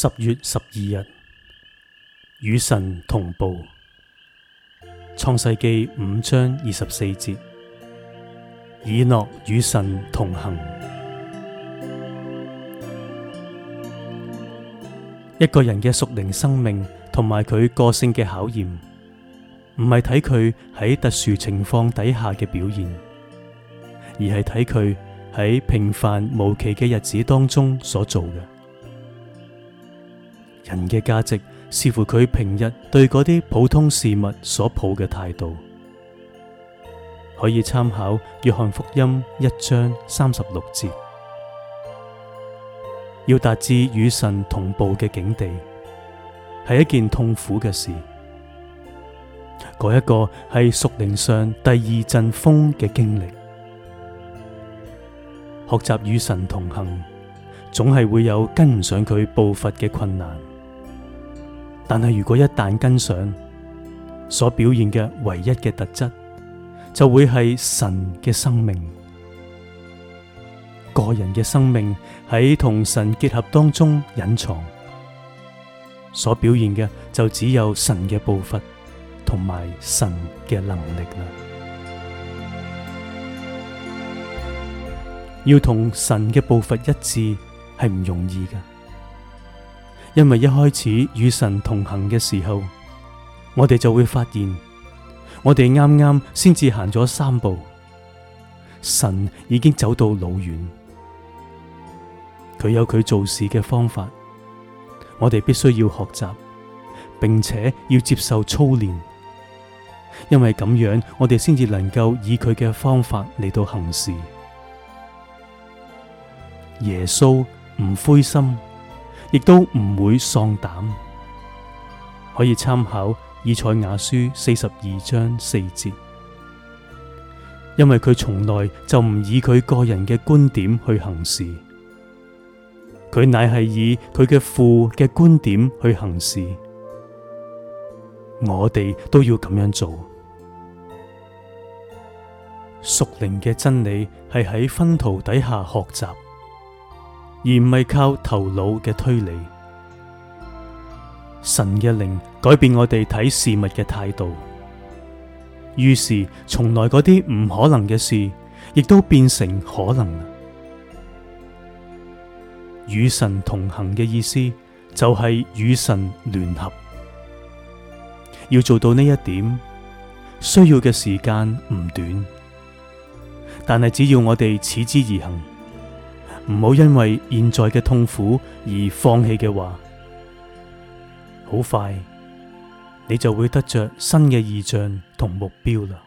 十月十二日，與神同步。創世記五章二十四節，以諾與神同行。一個人嘅屬靈生命同埋佢個性嘅考驗，唔係睇佢喺特殊情況底下嘅表現，而係睇佢喺平凡無奇嘅日子當中所做嘅。人嘅價值視乎佢平日對嗰啲普通事物所抱嘅態度，可以參考約翰福音一章三十六節。要達至與神同步嘅境地，係一件痛苦嘅事。嗰一個係屬靈上第二陣風嘅經歷。學習與神同行，總係會有跟唔上佢步伐嘅困難。但係，如果一旦跟上，所表現嘅唯一嘅特質，就會係神嘅生命，個人嘅生命喺同神結合當中隱藏，所表現嘅就只有神嘅步伐同埋神嘅能力啦。要同神嘅步伐一致，係唔容易㗎。因為一開始與神同行嘅時候，我哋就會發現，我哋啱啱先至行咗三步，神已經走到老遠。佢有佢做事嘅方法，我哋必須要學習，並且要接受操練，因為咁樣我哋先至能夠以佢嘅方法嚟到行事。耶穌唔灰心。亦都唔會喪膽，可以參考以賽亞書四十二章四節，因為佢從來就唔以佢個人嘅觀點去行事，佢乃係以佢嘅父嘅觀點去行事。我哋都要咁樣做，屬靈嘅真理係喺分徒底下學習。而唔係靠頭腦嘅推理，神嘅靈改變我哋睇事物嘅態度，於是從來嗰啲唔可能嘅事，亦都變成可能。與神同行嘅意思，就係與神聯合。要做到呢一點，需要嘅時間唔短，但係只要我哋持之而行。唔好因為現在嘅痛苦而放棄嘅話，好快，你就會得着新嘅意象同目標啦。